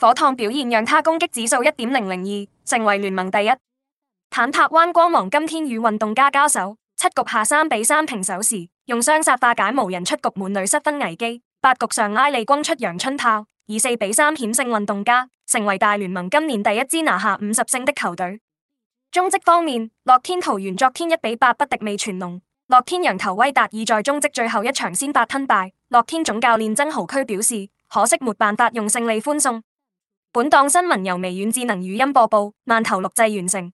火燙表現讓他攻擊指數一點零零二，成為聯盟第一。坦帕灣光芒今天與運動家交手，七局下三比三平手時，用雙殺化解無人出局滿壘失分危機。八局上埃利轟出陽春炮，以四比三險勝運動家，成為大聯盟今年第一支拿下五十勝的球隊。中職方面，樂天桃猿昨天一比八不敵味全龍，樂天洋投威達已在中職最後一場先發吞敗。樂天總教練曾豪駒表示，可惜沒辦法用勝利歡送。本檔新聞由微軟智能語音播報，慢投錄製完成。